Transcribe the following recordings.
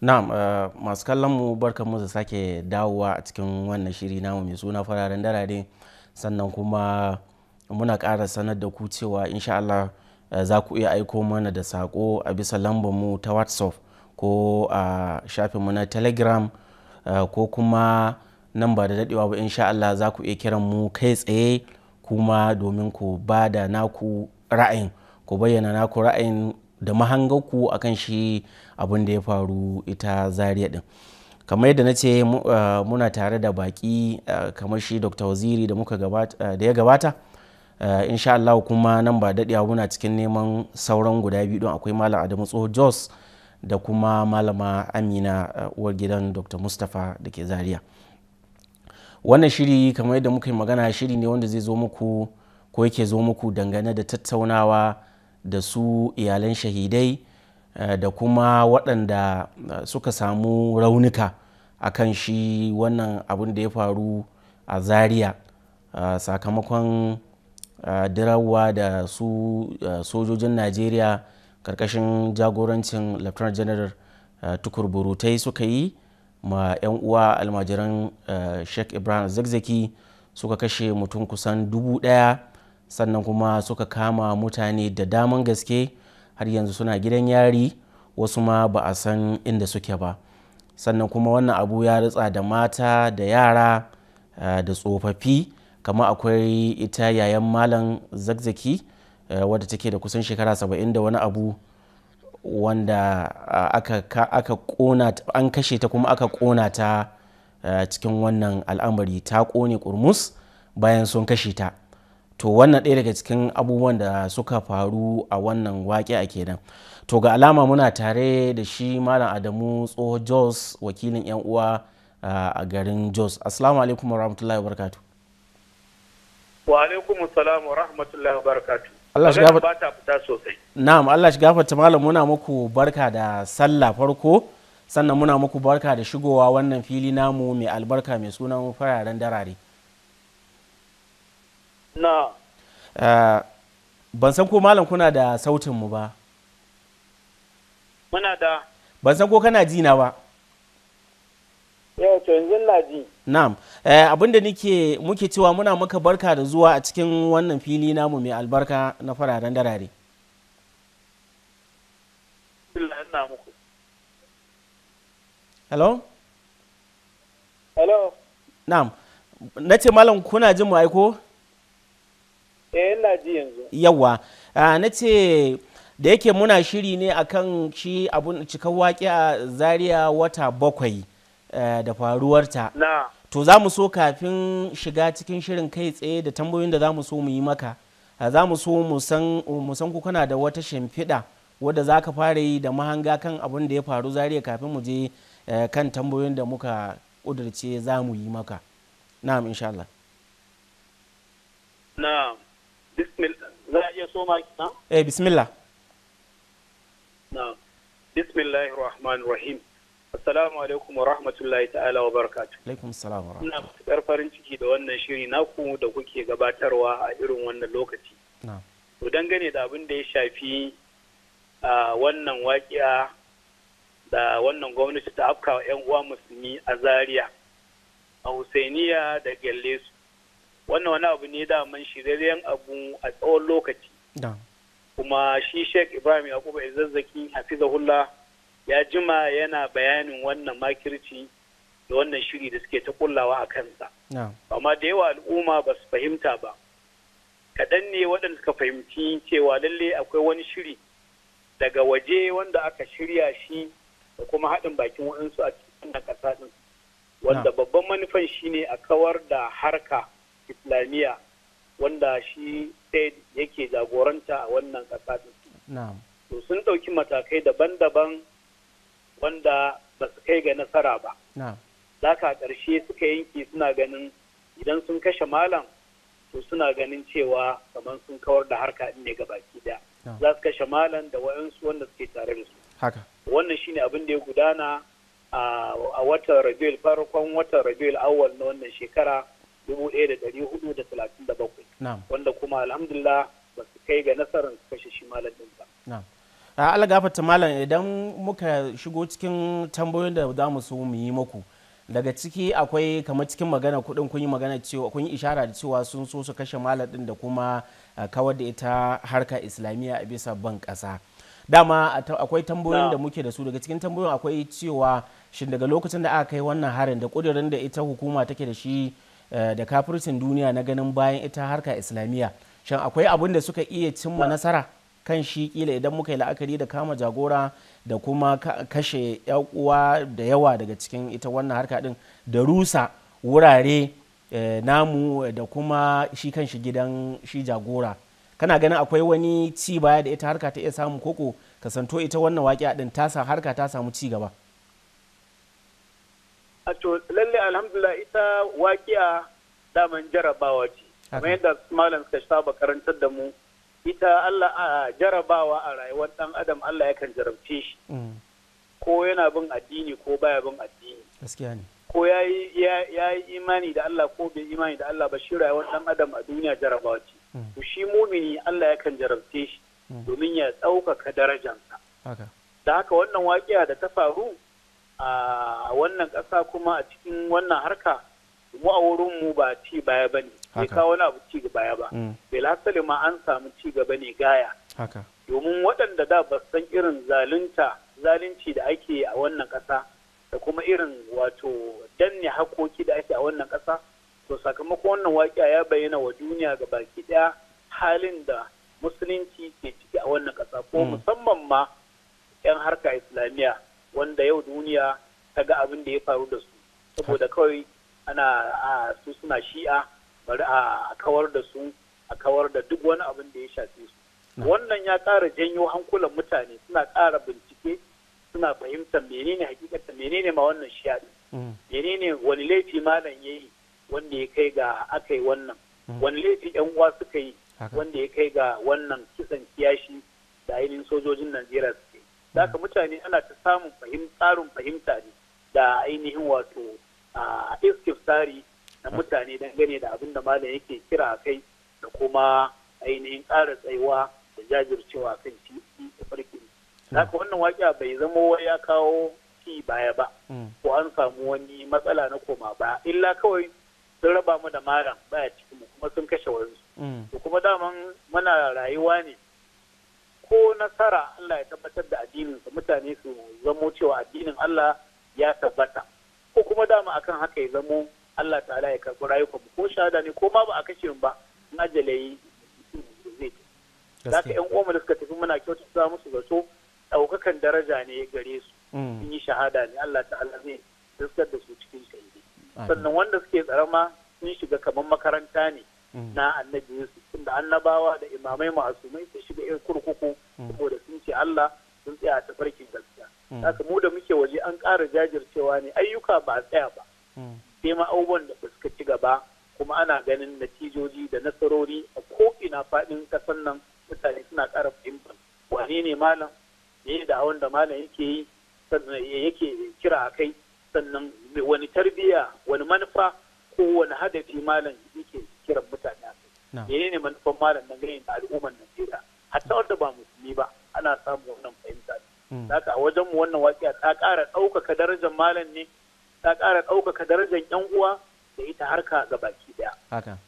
Na'am uh, masu kallon mu barkan mu sake dawowa a cikin wannan shiri namu mai suna fararen darare sannan kuma muna kara sanar da ku cewa insha Allah eh, za ku iya aiko mana da saƙo a bisa lambar mu ta WhatsApp ko a uh, shafin mu na Telegram eh, ko kuma nan ba da daɗewa ba insha Allah za ku iya kiran mu kai tsaye kuma domin ku ba da naku ra'ayin ku bayyana naku ra'ayin da mahangaku a kan shi abin da ya faru ita zariya din kamar yadda na ce eh, muna tare da baki eh, kamar shi dr waziri da muka eh, da ya gabata insha Allah kuma nan ba daɗewa muna cikin neman sauran guda biyu don akwai malam adamu tsoho jos da kuma malama amina uwar gidan dr mustapha da ke zariya wannan shiri kamar yadda muka yi magana shiri ne wanda zai zo muku ko yake zo muku dangane da tattaunawa da su iyalan shahidai eh, da kuma waɗanda eh, suka samu raunuka a kan shi wannan abin da ya faru a zaria eh, sakamakon dirawa da su sojojin najeriya karkashin jagorancin lieutenant general tukur burutai suka yi ma 'yan uwa almajiran sheikh ibrahim zakzaki suka kashe mutum kusan dubu daya sannan kuma suka kama mutane da daman gaske har yanzu suna gidan yari wasu ma ba a san inda suke ba sannan kuma wannan abu ya ritsa da mata da yara eh, da tsofaffi kama akwai ita yayan malam zakzaki eh, wadda take da kusan shekara saba'in da wani abu wanda an kashe ta kuma aka kona ta eh, cikin wannan al'amari ta kone kurmus bayan sun kashe ta to wannan ɗaya daga cikin abubuwan da suka faru a wannan waƙe a kenan to ga alama muna tare da shi malam adamu tsoho jos wakilin yan uwa a garin jos assalamu alaikum warahmatullahi wabarakatuh wa alaikum assalam wa rahmatullahi wabarakatuh Allah shi gafata fita sosai na'am Allah shi gafarta malam muna muku barka da sallah farko sannan muna muku barka da shigowa wannan fili namu mai albarka mai sunan fararen darare na eh, ban san ko malam kuna da sautin mu ba muna da ban san ko kana ji na ba yau eh, to yanzu na ji na'am eh, abinda nike muke cewa muna maka barka da zuwa a cikin wannan fili namu mai albarka na fararen darare hello hello na'am na ce malam kuna jin mu aiko eh ina ji yanzu yawa ah, na ce da yake muna shiri ne akan shi abun cikan waƙi a zariya wata bakwai eh, da faruwarta na. to za mu so kafin shiga cikin shirin kai tsaye da tambayoyin da za mu so mu yi maka ah, za mu so mu san ku kana da wata shimfiɗa wadda za ka fara yi da mahanga kan abun da ya faru zariya kafin mu je eh, kan tambayoyin da muka ƙudurce za mu yi maka na'am insha Allah na'am za a eh, bismillah na rahim assalamu alaikum wa rahmatullahi ta'ala wa barakatuh alaikum assalam wa rahmatullahi. ina matuƙar farin ciki da wannan shiri na ku da kuke gabatarwa a irin wannan lokaci na to dangane da abin da ya shafi a wannan waƙiya da wannan gwamnati ta afkawa 'yan uwa musulmi a zaria a husainiya da gelle wannan wani abu ne daman shirarren abu a tsawon lokaci kuma shi sheikh ibrahim yakubu zazzaki hula ya jima yana bayanin wannan makirci da wannan shiri da suke ta kullawa a kansa amma da yawa al'umma ba su fahimta ba kaɗan ne waɗanda suka fahimci cewa lalle akwai wani shiri daga waje wanda aka shirya shi da kuma haɗin bakin waɗansu a cikin ƙasa ɗin wanda babban manufan shine a kawar da harka islamiyya wanda shi said yake jagoranta a wannan ƙasa to sun ɗauki matakai daban-daban wanda ba su kai ga nasara ba za ka ƙarshe suka yanki suna ganin idan sun kashe malam to suna ganin cewa kamar sun kawar da harka in ne ga baki daya za su kashe malam da wayansu wanda suke tare da su wannan shine abin da ya gudana a watan rabiul farkon watan rabiul awwal na wannan shekara dubu wanda kuma alhamdulillah ba su kai ga nasarar su kashe shi malam ɗin ba a algafata malam idan muka shigo cikin tambayoyin da za mu so mu yi muku daga ciki akwai kamar cikin magana kudin kun yi magana cewa kun yi ishara da cewa sun so su kashe malam din da kuma eh, kawar da ita harka islamiyya a bisa ban kasa dama akwai tambayoyin da muke da su daga cikin tambayoyin akwai cewa shin daga lokacin da aka kai wannan harin da kudirin da ita hukuma take da shi Eh, da kafircin duniya na ganin bayan ita harka islamiyya shan akwai abun da suka iya cimma nasara kan shi kila idan muka yi la'akari da kama jagora da kuma kashe uwa da yawa daga cikin ita wannan harka din da rusa wurare eh, namu da kuma shi kan shi gidan shi jagora kana ganin akwai wani ci baya da ita harka ta iya samu koko kasanto ita wannan waƙi din ta harka ta samu ci gaba a to lalle alhamdulillah ita waƙiya daman jarabawa ce kamar yadda malam suka saba karantar da mu ita Allah a jarabawa a rayuwar dan adam Allah yakan jarabce shi mm. ko yana bin addini ko baya bin addini gaskiya ne ko ya yi imani da Allah ko bai imani da Allah ba shi rayuwar dan adam a duniya jarabawa ce mm. to shi mumini Allah yakan jarabce shi mm. domin ya ɗaukaka darajansa da haka wannan waƙiya da ta faru a wannan ƙasa kuma a cikin wannan harka mu a wurinmu ba ci baya ba ne bai kawo wani abu ci baya ba mm. bai hasali ma an samu ci gaba ne gaya domin waɗanda da ba san irin zalunta zalunci da ake a wannan ƙasa da kuma irin wato danne hakoki da ake a wannan ƙasa to sakamakon wannan waƙiya ya bayyana wa duniya ga baki ɗaya halin da musulunci ke ciki a wannan ƙasa ko mm. musamman ma 'yan harka islamiyya wanda yau duniya ta ga abin da ya faru da su saboda kawai ana su suna shi'a bari a kawar da su a kawar da duk wani abin da ya shafe su wannan ya ƙara janyo hankulan mutane suna ƙara bincike suna fahimtar menene hakikata menene ma wannan shi'a mm. menene wani laifi malam yayi wanda ya kai ga aka wannan mm. wani laifi yan uwa suka yi wanda ya kai ga wannan kisan kiyashi da ainihin sojojin Najeriya da haka mutane ana ta samun tsarin fahimta ne da ainihin wato a tsari na mutane dangane da abin da malam yake kira a kai da kuma ainihin ƙara tsayuwa da jajircewa kan titi da farkin da haka wannan waƙa bai zama wai ya kawo ci baya ba hmm. ko an samu wani matsala na koma ba illa kawai sun raba mu da malam baya cikin mu kuma sun kashe hmm. To kuma daman muna rayuwa ne ko nasara Allah ya tabbatar da addininsa mutane su zamo cewa addinin Allah ya tabbata ko kuma dama akan haka ya zamo Allah ta'ala ya karɓi rayukan ko shahada ne ko ma ba a kashe mu ba in ajala yi zai za ka yan uwa da suka tafi muna kyautata musu zato ɗaukakan daraja ne gare su mm. sun yi shahada ne Allah ta'ala zai riskar da su cikin shahidi sannan wanda suke tsarama sun shiga kamar makaranta ne Mm. na annabi Yusuf tunda annabawa da imamai masu sun shiga irin kurkuku mm. saboda sun ce Allah sun tsaya ta tafarkin gaskiya mm. haka mu da muke waje an ƙara jajircewa ne ayyuka ba a tsaya ba sai ma abubuwan da suka ci gaba kuma ana ganin natijoji da nasarori a ko'ina faɗin ƙasar nan mutane suna ƙara fahimtar wane ne malam ne da wanda malam yake yi sannan yake kira a kai sannan wani tarbiyya wani manufa ko wani hadafi malam yake kiran mutane a kai Mene ne manufan malam nan gani da al'ummar Najeriya hatta wanda ba musulmi ba ana samun wannan fahimta Saka hmm. a wajen mu wannan waƙiya ta ƙara ɗaukaka darajar malam ne ta ƙara ɗaukaka darajar yan uwa da ita harka ga baki ɗaya. haka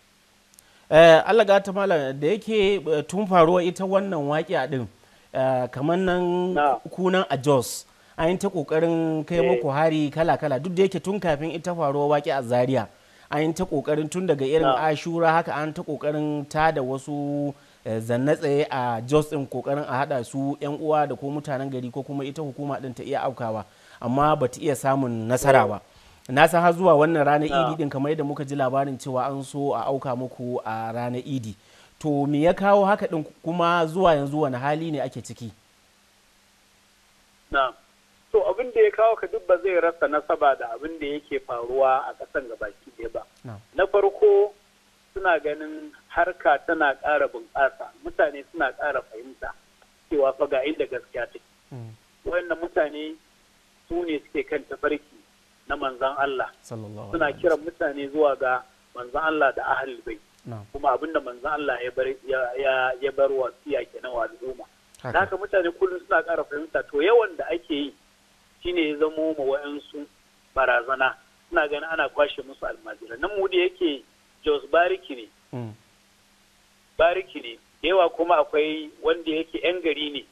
eh, Allah ga ta malam da yake eh, tun faruwa ita wannan waƙiya din eh, kamar nan kunan a Jos an yi ta kokarin kai muku hari kala-kala duk da yake tun kafin ita faruwa waƙi a Zaria an ta kokarin tun daga irin ashura haka an ta kokarin ta da wasu eh, zanne tsaye a jos din kokarin a hada su yan uwa da ko mutanen gari ko kuma ita hukuma din ta iya aukawa amma ba ta iya samun nasara ba mm. na san har zuwa wannan ranar idi din kamar yadda muka ji labarin cewa an so a auka muku a ranar idi to me ya kawo haka din kuma zuwa yanzu wani hali ne ake ciki na'am abin da ya kawo ka duk ba zai rasa nasaba da abin da yake faruwa a ƙasan gaba ɗaya ba na farko suna ganin harka tana ƙara bunƙasa mutane suna ƙara fahimta cewa fa ga inda gaskiya take hmm. wayannan mutane su ne suke kan tafarki na manzan Allah suna kiran mutane zuwa ga manzan Allah da ahal bai kuma abin da manzan Allah ya bar wasiya kenan wa al'umma haka mutane kullum suna ƙara fahimta to yawan da ake yi shine ya zamo ma wayansu barazana suna ganin ana kwashe musu almajira nan mu da yake Jos Bariki ne mm. Bariki ne yawa kuma akwai wanda yake yan gari ne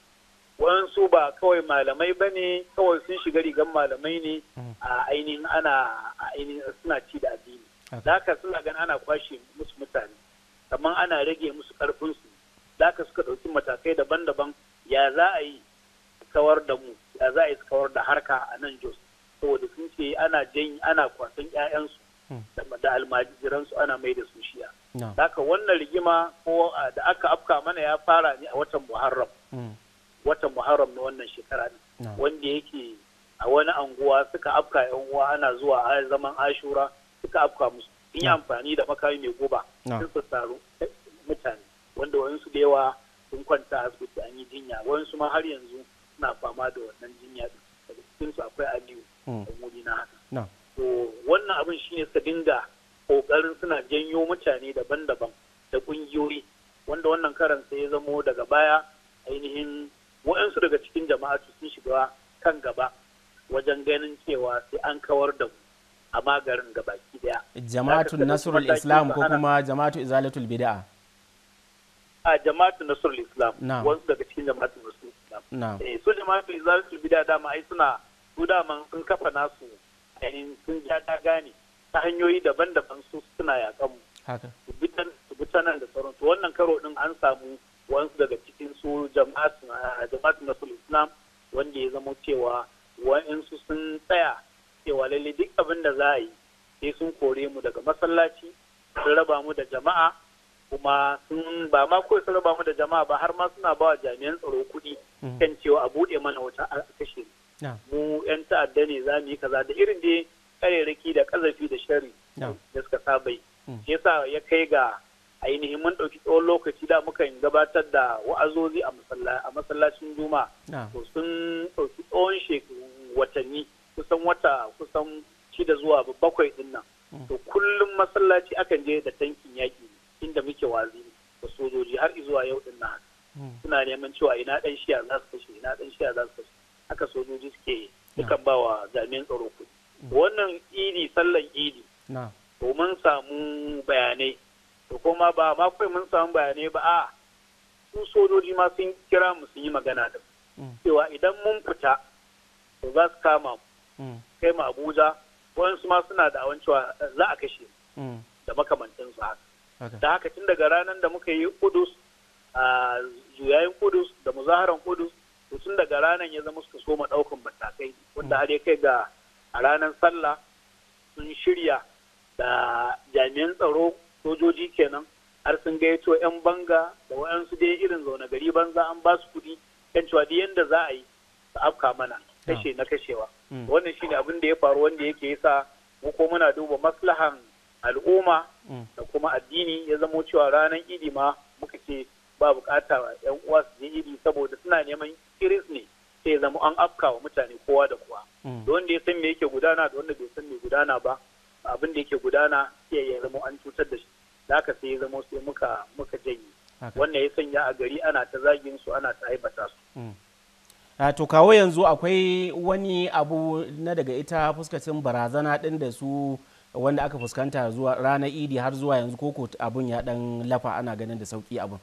wayansu ba kawai malamai ba ne kawai sun shiga rigan malamai ne mm. a ainihin ana ainihin suna ci da addini da haka suna ganin ana kwashe musu mutane kamar ana rage musu karfinsu da haka suka ɗauki matakai daban-daban ya za a yi kawar da mu ya za a yi da harka a nan jos saboda sun ce ana jan ana kwasan ƴaƴansu hmm. da almajiransu ana mai da su shiya haka wannan rigima ko da aka afka mana ya fara ne a watan muharram hmm. watan muharram na wannan shekara ne wanda yake a wani anguwa suka afka yan uwa ana zuwa a zaman ashura suka afka musu in yi amfani da makami mai guba sun su taru mutane wanda wayansu da yawa sun kwanta asibiti an yi jinya wayansu ma har yanzu suna fama da wannan jinya daga cikin su akwai aliyu hmm. a wuri na haka to wannan abin shine su dinga kokarin suna janyo mutane daban-daban da kungiyoyi wanda wannan karan sai ya zamo daga baya ainihin wa'ansu daga cikin jama'a sun shiga kan gaba wajen ganin cewa sai an kawar da mu a magarin da baki daya. Jama'atun Nasrul Islam ko kuma Jama'atu Izalatul Bid'a. A Jama'atun Nasrul Islam, wasu daga cikin Jama'atun Nasrul kenan. eh su jama'a fi za su bi da dama ai suna su dama sun kafa nasu ainihin sun ja ta gane ta hanyoyi daban-daban su suna yakan mu su bi ta nan da sauran to wannan karo din an samu wansu daga cikin su jama'atu na islam wanda ya zama cewa wa'insu sun tsaya cewa lalle duk abin da za a yi sai sun kore mu daga masallaci sun raba mu da jama'a kuma sun ba ma kawai sun raba mu da jama'a ba har ma suna ba wa jami'an tsaro kuɗi mm. kan cewa a buɗe mana wata a kashe mu yan ta'adda ne za mu yi kaza da irin dai kareraki da kazafi da shari da suka saba yi mm. yasa ya kai ga ainihin mun ɗauki tsawon lokaci da muka gabatar da wa'azozi a masallacin juma to sun ɗauki tsawon watanni kusan wata kusan shida zuwa bakwai ɗin nan mm. to kullum masallaci akan je da tankin yaƙi inda muke wazi da sojoji har zuwa yau din na hmm. suna neman cewa ina dan shiya za su kashe ina dan shiya za su kashe haka sojoji suke dukan hmm. ba wa jami'an tsaro kuɗi hmm. wannan idi sallan idi to mun samu bayanai to kuma ba ma kai mun samu bayanai ba a su sojoji ma sun kira mu sun yi magana da cewa idan mun fita to za su kama mu kai mu Abuja wayansu ma suna da awan cewa za a kashe da makamantansu haka da haka tun daga ranar da muka yi kudus a zuyayin kudus da muzaharan kudus to tun daga ranar ya zama suka soma ɗaukan matakai wanda har ya kai ga a ranar sallah sun shirya da jami'an tsaro sojoji kenan har sun gayyato 'yan banga da waɗansu dai irin zaune gari banza an ba su kuɗi kan cewa duk yanda za a yi su afka mana kashe na kashewa hmm. wannan shine abin da ya faru wanda yake yasa mu ko muna duba maslahan al'umma da kuma addini ya zamo cewa ranar idi ma muka ce ba bukata yan uwa su je idi saboda suna neman kiris ne sai ya zama an afka wa mutane kowa da kowa mm. da wanda ya san me yake gudana da wanda bai san me gudana ba abin da yake gudana sai ya zama an cutar da shi da haka sai ya zama sai muka muka janye wannan ya sanya a gari ana ta zagin su ana ta aibata su mm. to kawo yanzu akwai wani abu na daga ita fuskacin barazana ɗin da su wanda aka fuskanta zuwa ranar idi har zuwa yanzu koko abun ya dan lafa ana ganin da sauki abun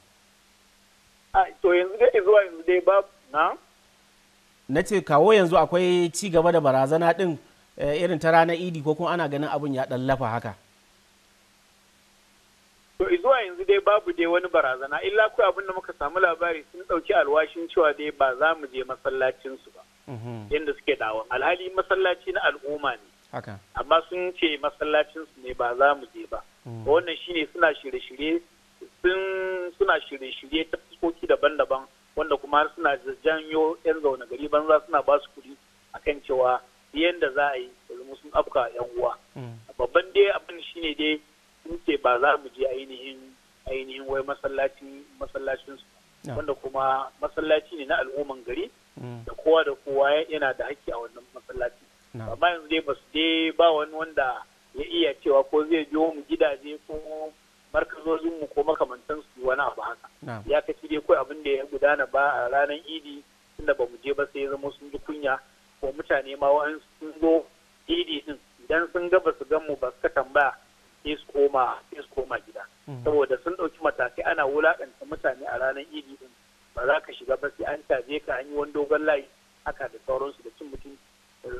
to yanzu dai zuwa yanzu dai babu na na ce kawo yanzu akwai ci gaba da barazana din eh, irin ta ranar idi ko kuma ana ganin abun ya dan lafa haka to zuwa yanzu dai babu dai wani barazana illa kawai abin da muka samu labari sun dauki alwashin cewa dai ba za mu je masallacin su ba mhm. yanda suke dawo alhali masallaci na al'umma ne amma sun ce masallacin ne ba za mu je ba hmm. wannan shine suna shirye-shirye suna shirye-shirye ta fuskoki daban-daban wanda kuma suna janyo yan zaune gari banza suna ba su kuɗi akan cewa yadda za a yi yanzu sun afka yan uwa hmm. babban dai abin shine dai sun ce ba za mu je ainihin ainihin wai masallacin masallacin su wanda kuma masallaci ne na al'umman gari hmm. da kowa da kowa yana da haƙƙi a wannan masallaci amma yanzu dai basu dai ba wani wanda ya iya cewa ko zai biyo mu gidaje ko markazozin mu ko makamantan su wani abu haka ya kaci dai kawai abin da ya gudana ba a ranar idi tunda ba mu je ba sai ya zama sun ji kunya ko mutane ma wa'an sun zo idi din idan sun ga basu gan mu ba ka tambaya sai su koma sai su koma gida mm. saboda sun ɗauki matakai ana wulaƙanta mutane a ranar idi din ba za ka shiga ba sai an caje ka an yi wani dogon layi haka da sauransu da cin mutunci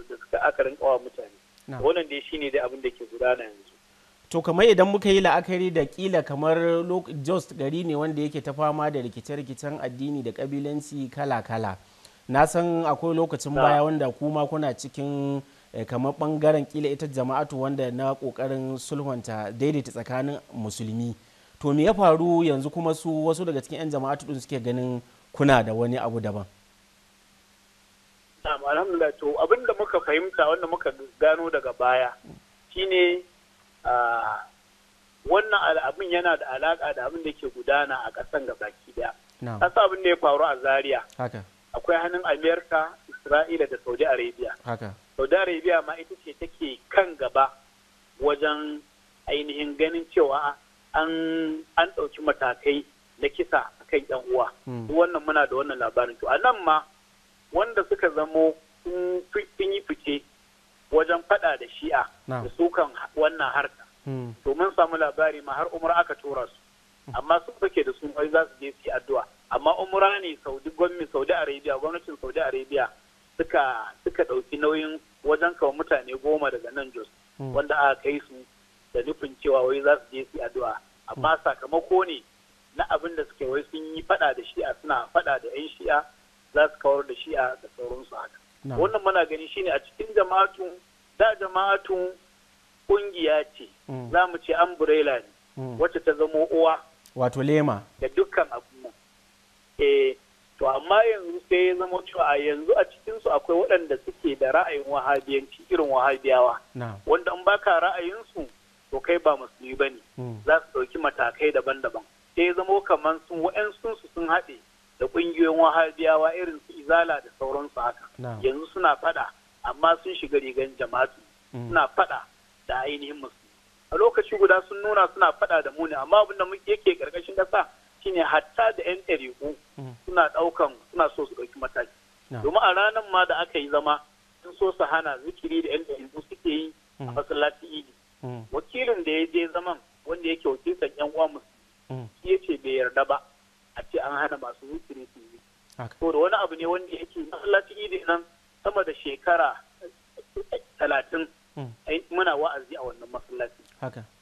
da suka aka rinƙa wa mutane wannan dai shine dai abin da ke gudana yanzu to kamar idan muka yi la'akari da kila kamar jos gari ne wanda yake ta fama da rikice-rikicen addini da kabilanci kala-kala na san akwai lokacin baya wanda kuma kuna cikin eh, kamar bangaren kila ita jama'atu wanda na kokarin sulhunta daidaita tsakanin musulmi to me ya faru yanzu kuma su wasu daga cikin 'yan jama'atu din suke ganin kuna da wani abu daban alhamdulillah to abin da muka fahimta wanda muka gano daga baya shine wannan abin yana da alaka da abin da ke gudana a ƙasan gabaki daya kasa abin da ya faru a zaria akwai hannun amerika isra'ila da saudi arabia saudi arabia ma ita ce take kan gaba wajen ainihin ganin cewa an ɗauki matakai na kisa kan yan uwa hmm. wannan muna da wannan labarin to a nan ma wanda suka zamo sun yi fice wajen fada da shi'a da sukan wannan harka hmm. to mun samu labari ma har umra aka tura su hmm. amma sun suke da sun wai za su je su addu'a amma umra ne saudi gwamni saudi arabia gwamnatin saudi arabia suka suka dauki nauyin wajen kawo mutane goma daga nan jos hmm. wanda aka kai su da nufin cewa wai za su je su addu'a amma sakamako ne na abin da suke wai sun yi fada da shi'a suna fada da yan shi'a za su kawar da shi a da sauransu haka wannan muna gani shine a cikin jama'atun da jama'atun kungiya ce mm. za mu ce umbrella ne mm. wacce ta zamo uwa wato lema da dukkan abun eh to amma yanzu sai ya zama cewa a yanzu a cikinsu akwai waɗanda suke da ra'ayin wahabiyanci irin wahabiyawa wanda in baka ra'ayinsu to kai ba musulmi ba ne mm. za su ɗauki matakai daban-daban sai ya zama kamar sun wa'yansu sun haɗe da ƙungiyoyin wahabiyawa irin su izala da sauransu haka yanzu suna fada amma sun shiga rigan jama'atu mm. suna fada da ainihin musulmi a lokaci guda sun nuna suna fada da muni amma abin da yake karkashin ƙasa shine hatta da yan ɗariƙu mm. suna ɗaukan suna so su ɗauki mataki domin a ranar ma da aka yi zama sun so su hana zikiri da yan ɗariƙu suke yi a mm. masallacin idi wakilin da ya je zaman wanda yake wakiltar yan uwa musulmi shi yace bai yarda ba a ce an hana masu zikiri su yi ko da wani abu ne wanda yake masallacin idi nan sama da shekara talatin hmm. muna wa'azi a wannan masallaci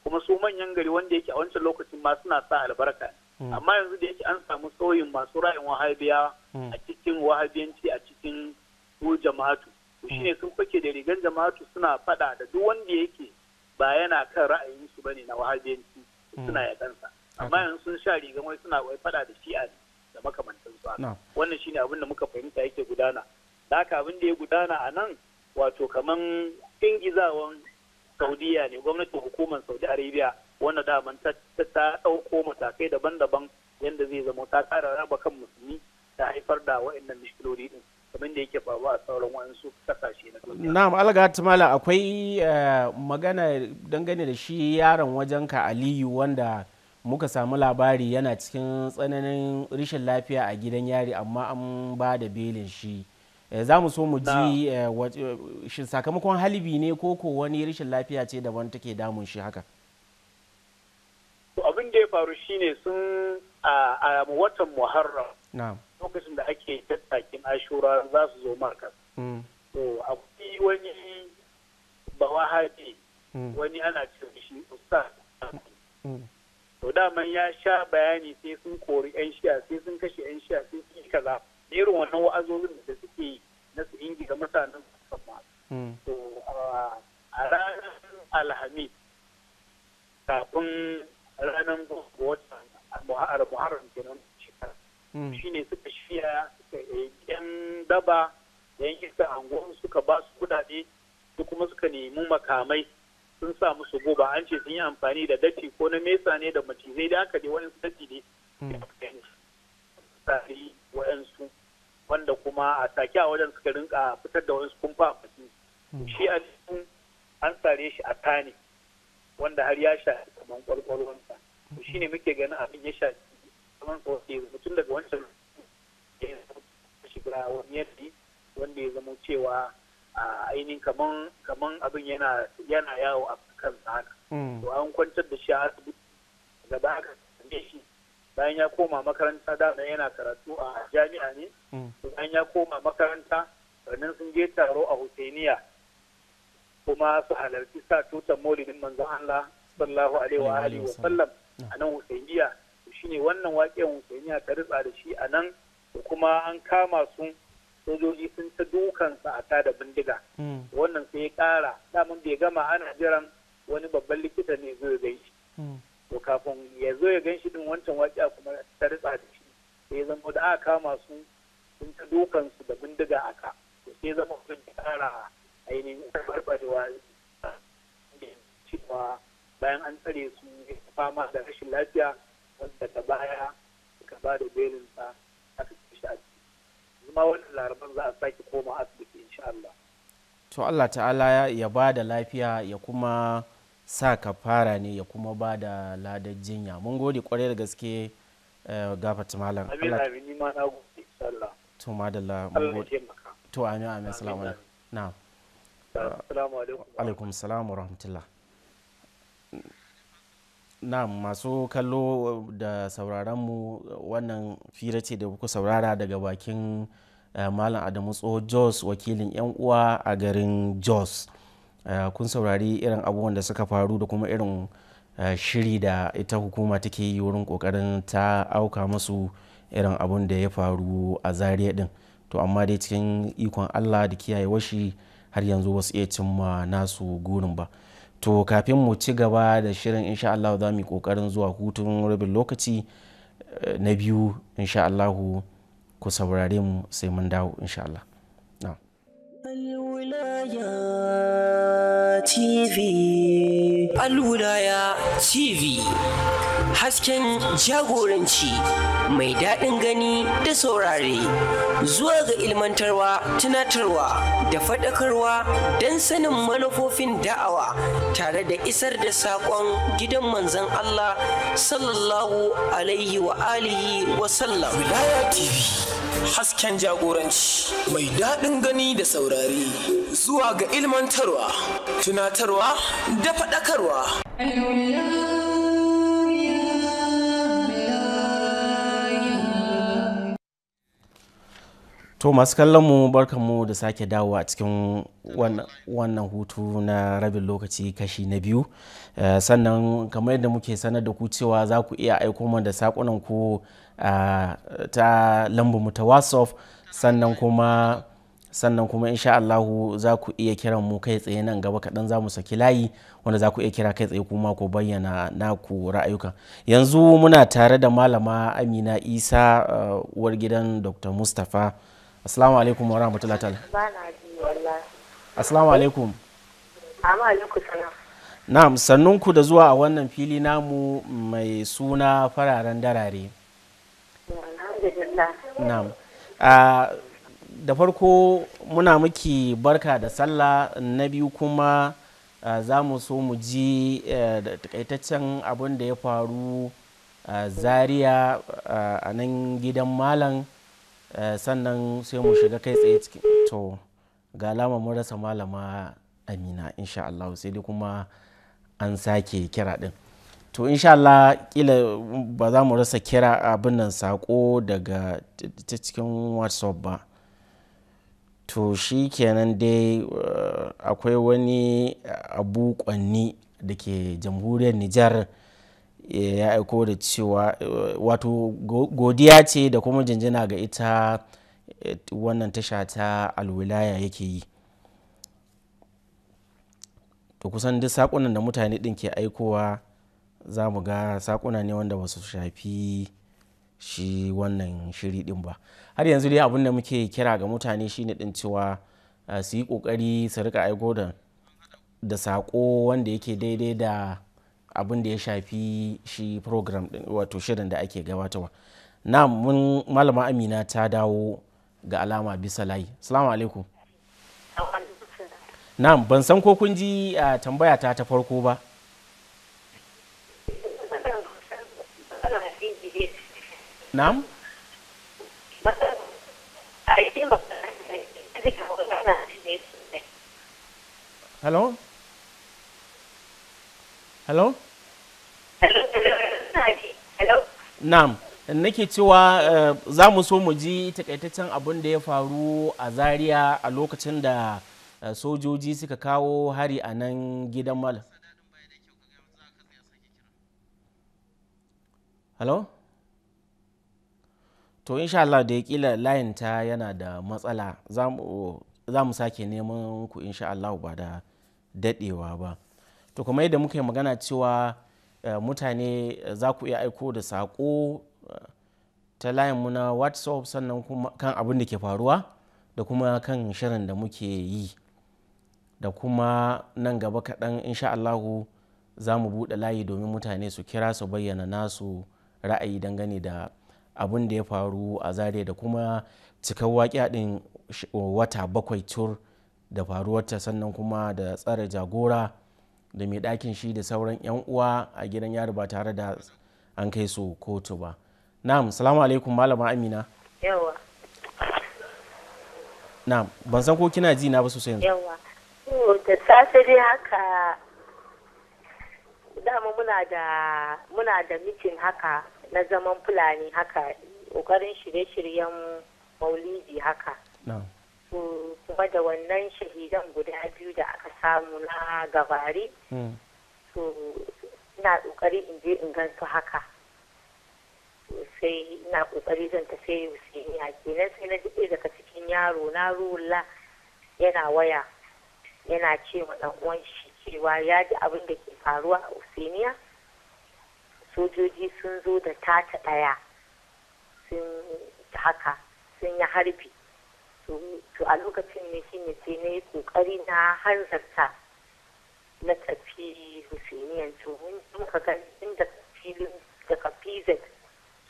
kuma su manyan gari wanda yake a wancan lokacin ma suna sa albarka hmm. amma yanzu da yake an samu sauyin masu ra'ayin wahabiya hmm. a cikin wahabiyanci a cikin su jama'atu Shi ne sun fake da rigar jama'atu suna fada da duk wanda yake ba yana kan ra'ayinsu bane na wahabiyanci suna yakansa amma yanzu sun sha rigan wai suna wai fada da shi'a da makamantansu haka wannan shine abin da muka fahimta yake gudana da haka abin da ya gudana a nan wato kaman ingizawan saudiya ne gwamnatin hukumar saudi arabia wanda daman ta ɗauko matakai daban-daban yadda zai zama ta ƙara raba kan musulmi ta haifar da waɗannan mishkilori din kamar da yake faruwa a sauran wa'ansu kasashe na duniya. Na'am Algat Mala akwai eh, magana dangane da shi yaron wajenka Aliyu wanda muka samu labari yana cikin tsananin rishin lafiya a gidan yari amma an ba da belin shi eh, za mu so mu ji eh, eh, shin sakamakon halibi ne ko ko wani rishin lafiya ce daban take damun shi haka abin da ya faru shine sun a watan muharram lokacin da ake tattakin ashura za su zo maka mm. to akwai wani bawahabi mm. wani ana cin shi ustaz mm. to daman ya sha bayani sai sun kori yan shiya sai sun kashe yan shiya sai sun yi kaza da irin wannan wa'azozin da suke yi na su ga mutanen musamman hmm. to a ranar alhamis kafin ranar watan muharram kenan shekara hmm. shine suka shiya suka yan daba yan isa angon suka ba su kudade su kuma suka nemi makamai sun sa musu guba an ce sun yi amfani da dace ko na mesa ne da macizai da aka ne wani datti ne hmm. tsari wanda kuma a take a wajen suka rinka fitar da wasu kumfa a hmm. shi a cikin an sare shi a tani wanda har ya sha kamar kwalkwalwansa to shi ne muke ganin abin ya sha kamar kawai mutum daga wancan ya shiga wani yadda wanda ya zama cewa ainihin kaman abin yana yana yawo a kan haka mm. to an kwantar da shi a asibiti gaba aka tambaye shi bayan ya koma makaranta da yana karatu a jami'a ne mm. bayan ya koma makaranta sannan sun je taro a Husainiya kuma su halarci sa tutan maulidin manzon Allah sallallahu alaihi wa alihi wa sallam ah. a nan Husainiya shine wannan waƙen Husainiya ta ritsa da shi a nan kuma an kama su sojoji sun ta dukansa a tada bindiga hmm. wannan sai ya kara daman bai gama ana jiran wani babban likita ne zo ya gan shi hmm. to kafin ya zo ya gan shi din wancan waƙiya kuma ta ritsa da shi sai ya zama da aka kama su sun ta dukansu da bindiga a ka to sai ya zama sun kara ainihin barbarewa cewa bayan an tsare su fama da rashin lafiya wanda ta baya suka ba da belinsa kuma wani laraban za a sake koma asibiti insha Allah to Allah ta'ala ya ba da lafiya ya kuma sa ka fara ne ya kuma ba da ladar jinya mun gode kwarai da gaske eh, ga Fatimalan. Amin amin ni ma na gode insha Allah to madalla mun gode to amin amin assalamu alaikum na'am assalamu alaikum alaikum assalam wa rahmatullah na masu kallo da sauraron mu wannan fira ce da kuka saurara daga bakin Eh, malam adamu tso jos wakilin yan uwa a garin jos eh, kun saurari irin abubuwan da suka faru da kuma irin eh, shiri da ita hukuma take yi wurin kokarin ta auka musu irin abun da ya faru a zariya din to amma dai cikin ikon allah da kiyaye washi har yanzu wasu iya cimma nasu gurin ba to kafin mu ci gaba da shirin insha allahu za mu yi kokarin zuwa hutun rabin lokaci na biyu insha Allahu ku saurare mu sai mun dawo insha Allah. TV Alwulaya TV hasken jagoranci mai daɗin gani da saurare zuwa ga ilmantarwa tunatarwa da faɗakarwa don sanin manufofin da'awa tare da isar da saƙon gidan manzon Allah sallallahu alaihi wa alihi wa sallam. Wilaya TV hasken jagoranci mai daɗin gani da saurare zuwa ga ilmantarwa tunatarwa da faɗakarwa. to masu kallon mu barkanmu da sake dawo a cikin wannan hutu na rabin lokaci kashi na biyu eh, sannan kamar yadda muke sanar da ku cewa za ku iya aiko da sakunan ku eh, ta lambu mu ta whatsapp sannan kuma sannan kuma insha Allahu za ku iya kiran mu kai tsaye nan gaba kaɗan za mu saki layi wanda za ku iya kira kai tsaye kuma ku bayyana ku ra'ayuka yanzu muna tare da malama amina isa eh, uwar gidan dr mustapha assalamu alaikum wa rahmatullahi ta'ala assalamu alaikum na'am sannun da zuwa a wannan fili namu mai suna fararen darare na'am da farko muna miki barka da sallah na biyu kuma za mu so mu ji da takaitaccen abin da ya faru zaria a nan gidan malam Eh, sannan sai mu shiga kai tsaye ciki to ga alama mun rasa malama amina insha Allah sai dai kuma an sake kira din to insha Allah kila ba za mu rasa kira abin nan sako daga ta cikin whatsapp ba to shi kenan dai eh, akwai wani abu kwanni da ke jamhuriyar nijar ya aiko da cewa wato godiya ce da kuma jinjina ga ita eh, wannan tasha ta alwilaya yake yi to kusan duk sakunan da mutane ɗin ke aikowa za mu ga sakuna ne wanda ba su shafi shi wannan shiri ɗin ba har yanzu dai abin da muke kira ga mutane shine ɗin cewa eh, su yi ƙoƙari su rika aiko da saƙo wanda yake daidai da abin da ya shafi shi program din wato shirin da ake gabatarwa na mun malama amina ta dawo ga alama bisa layi salamu alaikum na ban san ko kun ji a tambaya ta ta farko ba na. hello hello Na'am. nake cewa eh, za mu so mu ji takaitaccen abin da ya faru a zaria a lokacin da eh, sojoji suka kawo hari a nan gidan malam hello to insha Allah da ya kila layin ta yana da matsala za mu sake neman ku insha Allah ba da daɗewa ba to kuma yadda muka yi magana cewa Eh, mutane eh, za ku iya aiko da saƙo eh, ta layin mu na whatsapp sannan kuma kan abin da ke faruwa da kuma kan shirin da muke yi da kuma nan gaba kaɗan insha Allahu za mu buɗe layi domin mutane su kira su bayyana nasu ra'ayi dangane da abin da ya faru a zare da kuma cikar waƙi ɗin wata bakwai tur da faruwarta sannan kuma da tsare jagora da mai ɗakin shi da sauran 'yan uwa a gidan yari ba tare da an kai su kotu ba na'am salamu alaikum malama amina yawa na'am ban san ko kina ji na ba sosai yanzu yawa da safe dai haka dama muna da muna da mitin haka na zaman fulani haka kokarin shirye-shiryen maulidi haka na'am kuma da wannan shahidan guda biyu da aka samu na gabari to hmm. ina kokari in je in gan su haka sai ina kokari zan ta sai husainiya kenan sai na jiɗe daga cikin yaro na rula yana waya yana ce ma ɗan uwan shi cewa ya ji abin da ke faruwa a husainiya sojoji sun zo da tata ɗaya sun haka sun yi harbi to a lokacin ne shine sai na yi kokari na hanzarta na tafi husainiyan to mun muka ga inda filin daga pz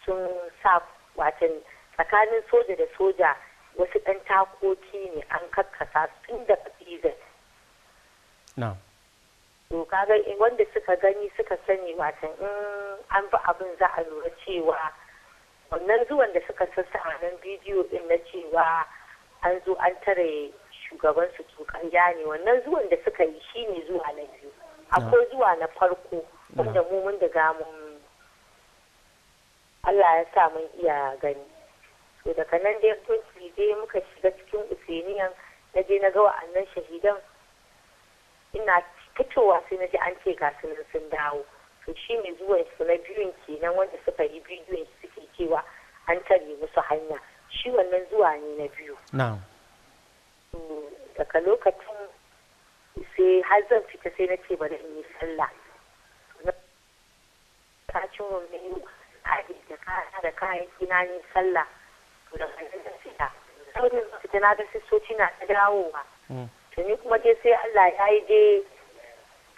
sun sa watan tsakanin soja da soja wasu ɗan takoki ne an kakkasa tun daga pz to kaga wanda suka gani suka sani watan in an bi abin za a lura cewa wannan zuwan da suka sassa a nan bidiyo din na cewa an zo an tare shugaban su tukan jani wannan zuwan da suka yi shine zuwa na biyu akwai zuwa na farko wanda mu mun daga mun Allah ya sa mun iya gani to daga nan dai tuntuli dai muka shiga cikin usainiyan na je na ga wa'annan shahidan ina fitowa sai na ji an ce ga sunan sun dawo to shi ne zuwan su na biyun kenan wanda suka yi bidiyon suke cewa an tare musu hanya shi wannan zuwa ne na biyu daga lokacin sai har zan fita sai na ce bari in yi sallah ta ci wani yi a da kaya da kayan kina yin sallah to da kan zan fita saurin fita na ga sistoci na ta dawowa mm. to ni kuma dai sai Allah ya yi dai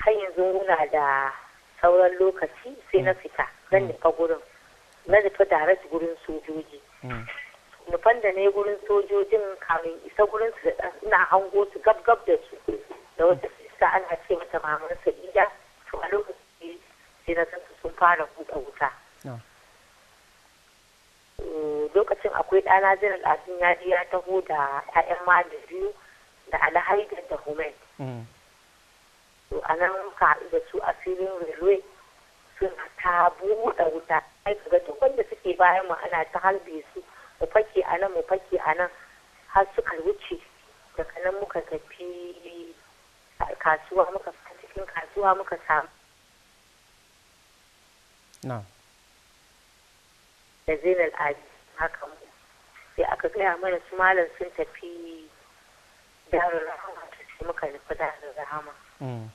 kan yanzu muna da sauran lokaci sai na mm. fita zan mm. nufa gurin na nufa da gurin sojoji nufan da ne gurin sojojin kamin isa gurin su da ina hango su gab gab da su da wata sista ana ce mata maman sa'ida to a lokaci sai na san sun fara buɗe wuta eh, lokacin akwai ɗana jiran lafin ya ya taho da 'ya'yan da biyu da alhaidar da homer mm. to a nan ka haɗu da su a filin railway suna ta buɗe wuta ai ga duk wanda suke bayan mu ana ta harbe su mu fake a nan mu fake a nan har suka wuce daga nan muka tafi kasuwa muka fita cikin kasuwa muka samu da zainal ali haka mu sai aka gaya mana su malam sun tafi darul rahama sai muka nufi darul rahama su mm.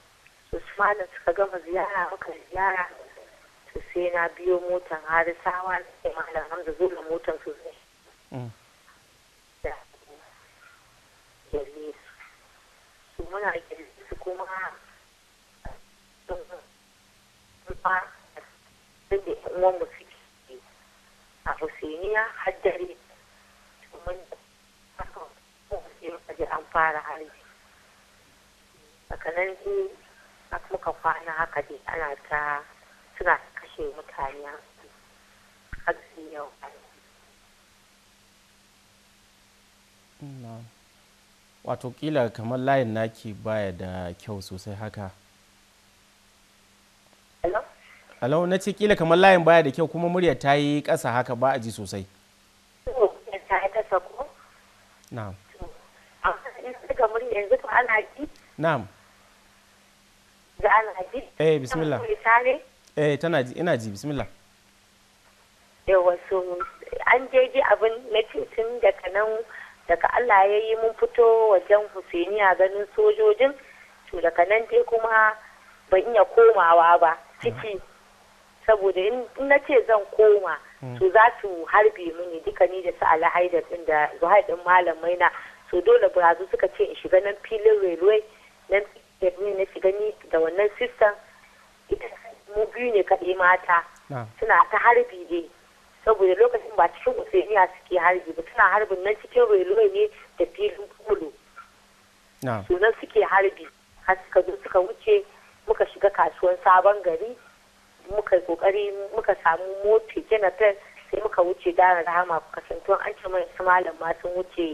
su malam suka gama ziyara muka ziyara to sai na biyo motan harisawa sai malam hamza zo da motan su zai da gyalle su su kuma kuma da uwan mu da an fara harbi tsakanin muka kwana haka dai ana ta suna kashe mutane yau wato kila kamar layin naki baya da kyau sosai haka alo na ce kila kamar layin baya da kyau kuma murya ta yi ƙasa haka ba a ji sosai na'am na'am ga ana ji eh bismillah eh tana ji ina ji bismillah yawa so an je ji abin na ce tun daga nan daga Allah ya yi mun fito wajen Husainiya ganin sojojin to daga nan dai kuma ban iya komawa ba ciki saboda in na ce zan koma hmm. to za su harbe mini duka ni da su haidar din da zuhair din malamai na to dole burazu suka ce in shiga nan filin railway nan na shiga ni da wannan sistan ita mu biyu ne kaɗai mata suna ta harbi dai saboda lokacin ba cikin usainiya suke harbi ba suna harbin nan cikin railway ne da filin polo sunan suke harbi har suka zo suka wuce muka shiga kasuwan sabon gari muka yi kokari muka samu mota janatar sai muka wuce daren rama kasantuwan an ce mai su ma sun wuce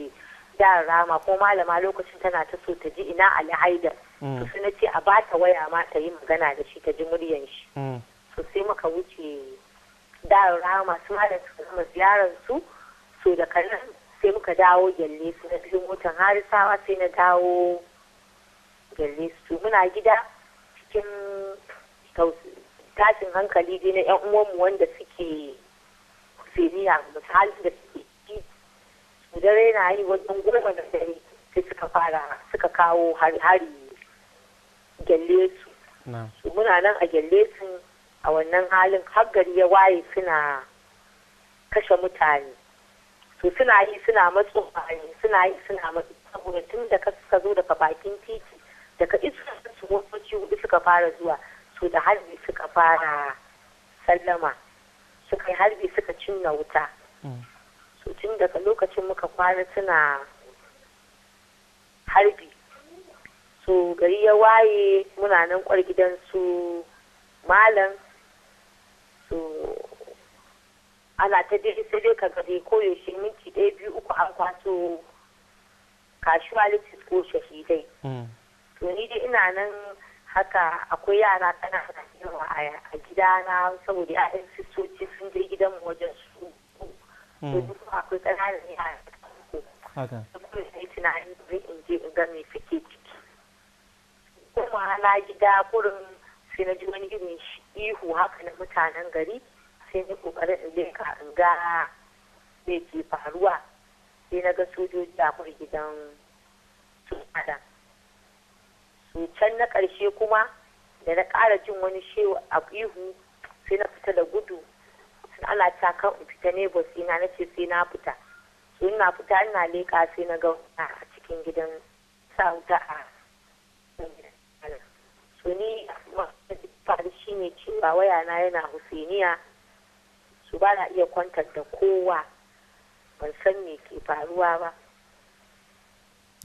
daren rama ko malama lokacin tana ta so ta ji ina ali haidar su mm. suna ce a bata waya ma ta yi magana da shi ta ji muryan shi mm. sai muka wuce da masu malam su zama ziyarar su so da kanan sai muka dawo gyalle su na cikin motar harisawa sai na dawo gyalle su muna gida cikin tashin hankali dai na yan uwanmu wanda suke siriya misali da suke ci su dare na yi wajen goma da dare sai suka fara suka kawo hari gyalle su muna nan a gyalle su a wannan halin har gari ya waye suna kashe mutane to suna yi suna matso suna yi suna matso saboda tun da ka suka zo daga bakin titi daga iska su motoci hudu suka fara zuwa su da harbi suka fara sallama suka yi harbi suka cinna wuta so mm. tun daga lokacin muka kwana suna harbi so gari ya waye muna nan kwar gidan su malam so ana ta dai sai dai ka gari ko koyaushe minti ɗaya biyu uku an kwaso casualties ko shahidai hmm. to ni dai ina nan haka akwai yara na yawa a gidana saboda ya'yan sistoci sun je gidan wajen su to duk hmm. akwai ƙananan yara ko da yi tunani in je in ga me suke ciki ko na gida kurin sai na ji wani irin ihu haka na mutanen gari sai na kokarin in leka in ga me ke faruwa sai na ga sojoji a kwai gidan su su can na ƙarshe kuma da na ƙara jin wani shewa a ihu sai na fita da gudu sun ana ta kan in fita ne ba sai na nace sai na fita so na fita ina leka sai na ga a cikin gidan sa a ni da shi ne cewa wayana yana husainiya su ba na iya kwantar da kowa ban san me ke faruwa ba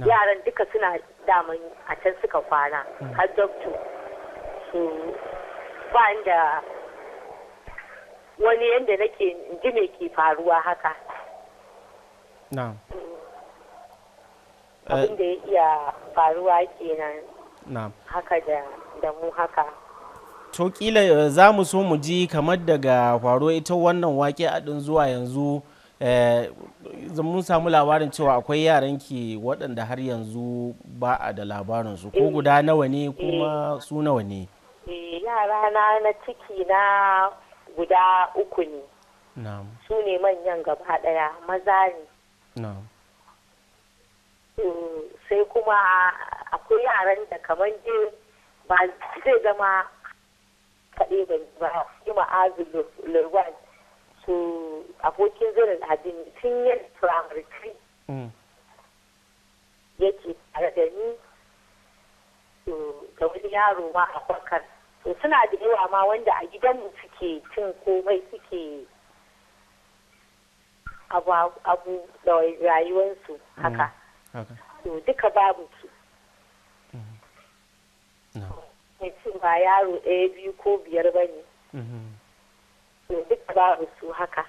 yaran duka suna daman a can suka kwana hmm. har dokto su ba da wani yadda nake ji me ke faruwa haka abin da ya iya faruwa kenan haka da mu haka to kila eh, za mu so mu ji kamar daga faro ita wannan wake adin zuwa yanzu eh, mun samu labarin cewa akwai yaran ki waɗanda har yanzu ba a da labarinsu ko guda nawa ne kuma su nawa ne eh, yara na na ciki na guda uku ne su ne manyan gaba ɗaya maza ne sai kuma akwai yaran da kamar je ba zai zama kaɗai ba ba yi ma'azin lurwan su abokin zirin abin tun yin primary mm. yake tare da ni da wani yaro ma a kwakar to suna da yawa ma wanda a gidanmu suke cin komai suke abu da rayuwarsu haka mm. to duka babu su cin ba yaro ɗaya biyu ko biyar ba ne mhm. Duk ba su haka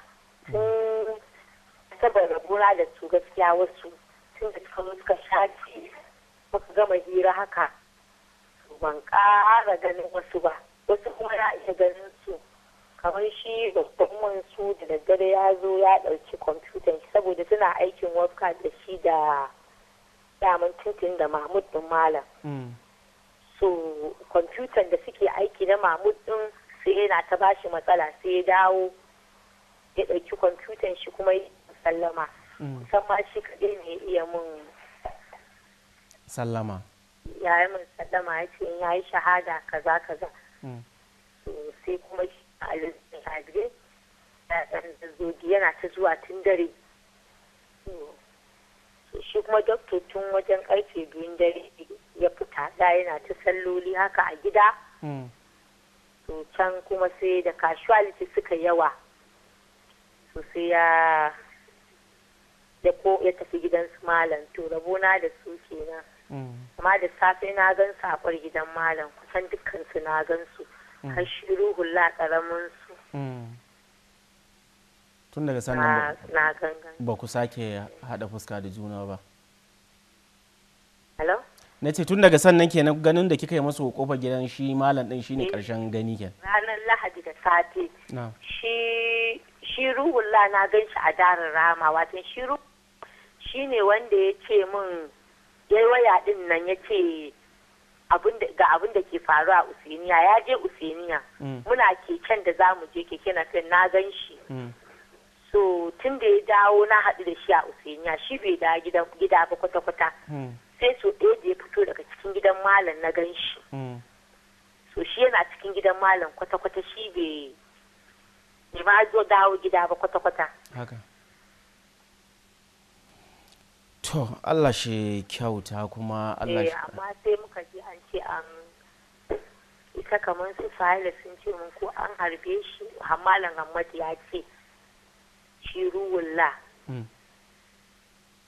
saboda gura da su gaskiya wasu tun da suka suka shaci muka gama hira haka ban ƙara ganin wasu ba wasu kuma na iya ganin su kamar shi da su da daddare ya zo ya ɗauki kwamfutan saboda suna aikin wafka da shi da daman titin da mahmud bin malam mm. so kwamfutan da suke aiki na mahmud din sai yana ta bashi matsala sai ya dawo ya ɗauki kwamfutan shi kuma ya sallama musamman mm. shi kaɗai ne ya iya mun sallama ya yi mun sallama ya ce ya yi shahada kaza kaza mm. sai kuma shi da zogi yana ta zuwa tun dare shi kuma doktor tun wajen karfe biyun dare ya fita da yana ta salloli haka a gida hmm. to can kuma sai da casualty suka yawa to sai ya ya ko ya tafi gidan su malam to rabona da su kenan hmm. amma da safe na gan su a gidan malam kusan dukkan su na gan su hmm. har shi ruhun la su tun daga sannan ba ku sake hada fuska da juna ba na ce tun daga sannan ke ganin da kika yi masu kofa gidan shi malam din shine karshen eh. gani kenan ranar lahadi da safe shi shi na gan shi a darin rama watan shi shi ne wanda ya ce min yi waya din nan ya ce ga abin da ke faru a usiniya ya je useniya mm. muna keken da za mu je keke na fin na gan shi mm. so tun da ya dawo na haɗu da shi a useniya shi bai da gida ba kwata-kwata mm. sai so ɗaya da ya fito daga cikin gidan malam na gan shi hmm. so shi yana cikin gidan malam kwata-kwata shi bai bai ma zo dawo gida ba kwata-kwata to Allah shi kyauta kuma Allah shi eh, amma sai muka ji an ce an ita kamar su sahila sun ce mun ko an harbe shi hammalan hamad ya ce shi ruwullah hmm.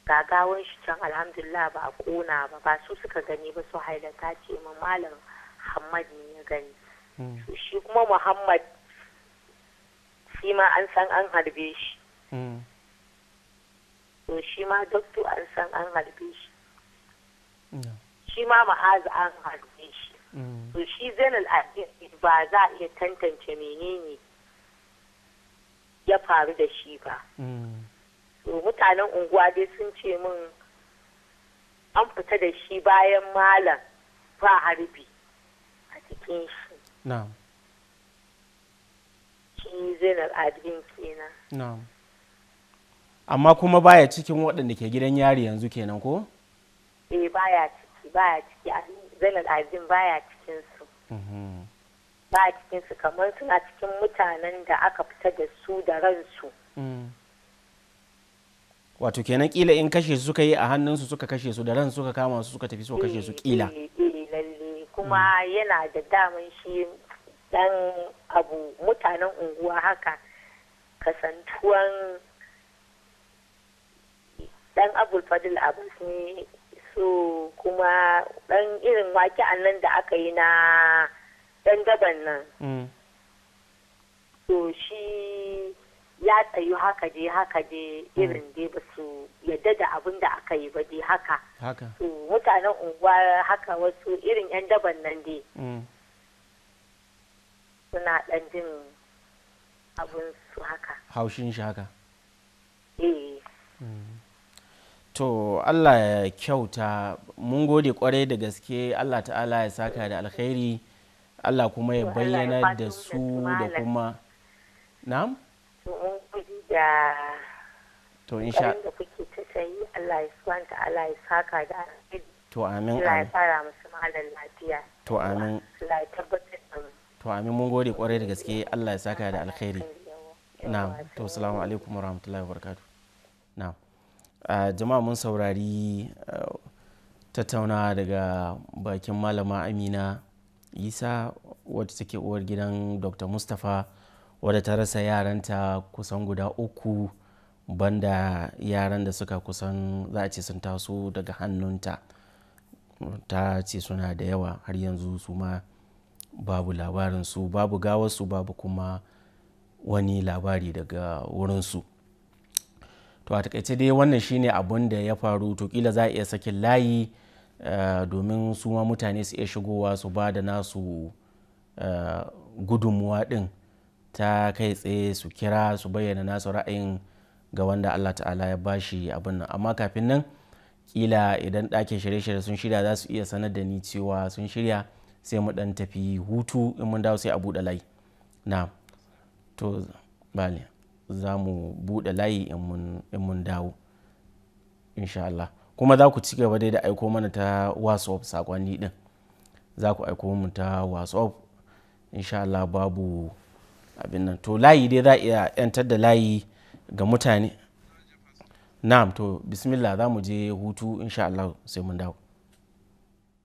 gagawan shi can alhamdulillah ba a kona ba ba su suka gani ba su hailata ta ce ma malam hamad ne ya gani hmm. shi kuma Muhammad shi ma an san an harbe shi hmm. to shi ma dokto an san an harbe shi shi ma ma'azu an harbe shi hmm. to shi zainal ba za a iya tantance menene ya faru da shi ba mutanen unguwa dai sun ce min an fita da shi bayan malam ba harbi a cikin shi shi zainal adin kenan amma kuma baya cikin waɗanda ke gidan yari yanzu kenan ko? eh baya ciki baya ciki zainal adin baya cikin su mhm. ba cikin su kamar suna cikin mutanen da aka fita da su da ransu mm. wato kenan kila in kashe su suka yi a hannunsu suka kashe su da ran suka kama su suka tafi suka kashe su kila eh, eh, eh, kuma yana da daman shi dan abu mutanen unguwa haka kasantuwan dan abul fadil abus ne so kuma dan irin waki nan da aka yi na dan gaban nan mm. to shi ya tsayu haka je haka je hmm. irin dai ba su yadda da abin da aka yi ba dai haka su mutanen unguwa haka wasu irin yan daban nan dai hmm. suna dan jin abin su haka haushin shi haka eh. hmm. to allah ya kyauta mun gode kwarai da gaske allah ta'ala ya saka da alkhairi allah kuma ya bayyana da su da kuma na'am to to amin Allah ya ya mun gode kwarai da gaske Allah ya saka da alkhairi na'am to assalamu alaikum warahmatullahi wabarakatuh na'am jama'a mun saurari tattaunawa daga bakin malama amina isa wadda take uwar gidan dr mustapha wadda ta rasa yaranta kusan guda uku banda yaran da suka kusan za a ce sun taso daga hannunta ta ce suna da yawa har yanzu su ma babu labarinsu babu gawarsu babu kuma wani labari daga wurinsu to a takaice dai wannan shine abun da ya faru to kila za a iya sakin layi eh, domin su ma mutane su iya shigowa su ba da nasu eh, gudunmuwa din ta kai tsaye su kira su bayyana nasu ra'ayin ga wanda Allah ta'ala ya bashi abin nan amma kafin nan kila idan ɗakin shirye-shirye sun shirya za su iya sanar da ni cewa sun shirya sai mu ɗan tafi hutu in mun dawo sai a buɗe layi na to bale za mu buɗe layi in mun dawo insha Allah kuma za ku ci gaba dai da aiko mana ta whatsapp sakonni ɗin za ku aiko mu ta whatsapp insha Allah babu abin nan to layi dai za a iya yantar da layi ga mutane na'am to bismillah za mu je hutu insha Allah sai mun dawo